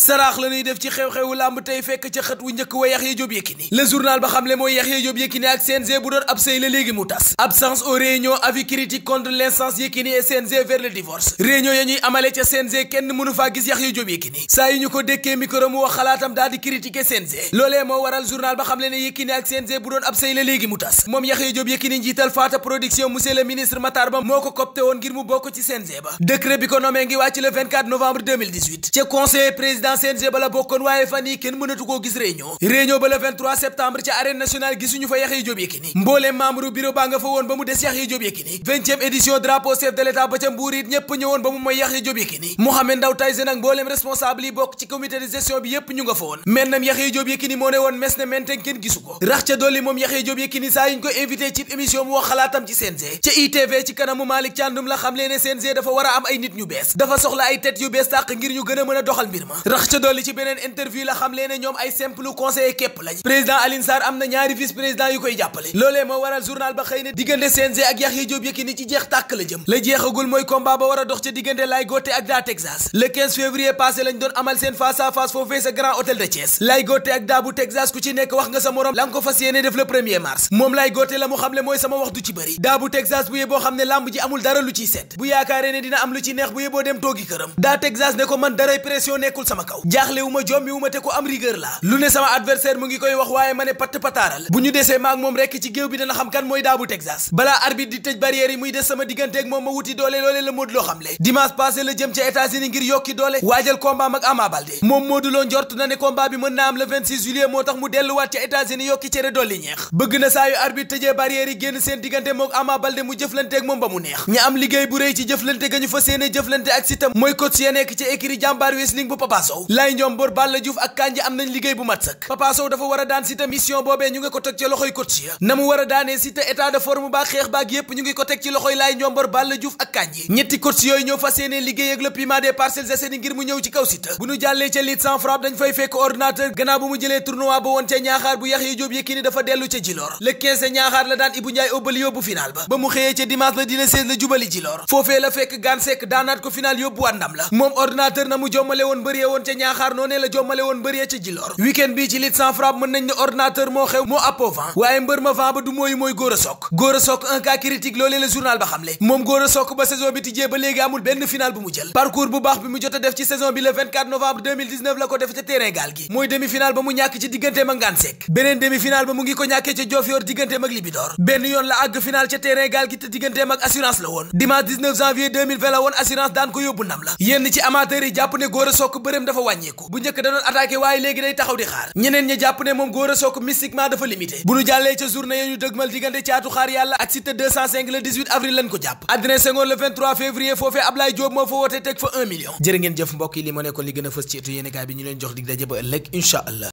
saraax la def ci xew-xewu làmb tey fekk ca xët wu njëkk wa Yaxya Jóob Yékini le journal ba xamle mooy Yaxya la léegi mu tas absence aux réunions avis critique contre l'instance Yékini et CNG vers le divorce réunion ya ñuy Jóob Yékini saa yu ñu bu doon ab sëy la léegi mu tas moom Yaxya Jóob Yékini njiital Faata production monsieur le ministre Matar Ba moo ko copté woon ngir mu bokk ci CNG ba décret bi ko nommé ngi wàcc le novembre ca conseil président président CNG bala bokkoon waaye fan yi kenn mënatu koo gis réunion réunion ba le 23 septembre nationale gisuñu fa Yaxya Jóob Yékini mbooleem membre bureau baa nga fa woon ba mu des Yaxya Jóob Yékini vingtième édition drapeau chef de l'état ba ca mbuur it ñépp ñëwoon ba mu mooy Yaxya Jóob Yékini Mohamed Ndaw Tyson ak mbooleem responsable yi bokk ci comité de gestion bi yépp ñu nga fa woon mennam Yaxya Jóob Yékini moo ne woon mes ne menten kenn gisu ko rax a am ay nit ñu bees a rax ca dolli ci beneen interview la xam leen ne ñoom ay simple conseiller képp lañ président Alioune Sarr am na ñaari vice président yu koy jàppale loolee moo waral journal ba xëy na diggante CNG ak Yaxya la jëm la jeexagul mooy combat ba war dox ca diggante Laye Gothé ak Da Texas le février passé lañ doon amal seen face à sa grand hôtel de Thiès Laye Gothé ak Da bu Texas ku ci nekk wax nga sa morom la ko fas yéene def le premier mars moom Laye Gothé la mu xam le mooy sama wax du ci bëri Da bu Texas bu yeboo xam ne lamb ji amul dara lu ciy set bu yaakaaree ne dina am lu ci neex bu yeboo dem toogi këram Da Texas ne ko man daray pression nekkul sama kaw ma jombi wu ma te ku am rigueur la lu ne sama adversaire mu ngi koy wax waaye ma ne patt pataaral bu ñu desee maak moom rekk ci géew bi dana xam kan mooy daabu Texas balaa arbitre di tëj barrière yi muy des sama digganteeg moom ma wuti doole loole la Modou Lo xam le la jëm ca états ngir yokki doole waajal combat mag Ama Baldé moom Modou njort na ne combat bi mën na am le 26 juillet moo tax mu delluwaat ca États-Unis Sow laay njomboor Balla Diouf ak Kandji am nañ liggéey bu mat sëkk dafa war a daan Siteu mission boobee ñu ngi ko teg ci loxoy coach ya na mu war a daanee Siteu état de forme baa xeex baak yépp ñu ngi ko teg ci loxoy laay njomboor Balla Diouf ak Kandji ñetti coach yooyu ñoo fas yéene liggéey ak le piment des Parcelles Assainies ngir mu ñëw ci kaw Siteu bu ñu jàllee ca lit sans frappe dañ fay fekk ordinateur gannaaw bu mu jëlee tournoi ba woon ca ñaaxaar na mu jommale woon woon ca ñaaxaar noonee la jommale woon mbër ca jiloor week-end ci lit sans mën nañ ne ordinateur moo xew moo appoo vent waaye mbër ma vent ba du mooy góor a sokk góor a sokk un cas critique loolee novembre la ko def ca terrain gaal gi mooy demi-finale ba mu ñàkk ci digganteem ak Ngaan Seck beneen demi-finale ba mu ngi ko ñàkkee ca Diofior digganteem ak Libidor benn yoon la àgg final ca terrain gaal gi te digganteem ak assurance la woon dimanche 19 dafa wàññeeku bu njëkk da doon attaqué waaye léegi day taxaw di xaar ñeneen ñi jàpp ne moom Gora Sock mystiquement dafa limité bu ñu jàllee ca journée yi ñu dëgmal diggante caatu xaar yàlla ak Cité 205 le avril lañ ko jàpp Adrien Senghor le 23 février foofee Ablaye Diop moo fa woote teg fa 1 million jërë ngeen jëf mbokk yi li li gën a fës ci étu yéenekaay bi ñu leen jox dig daje ëllëg incha allah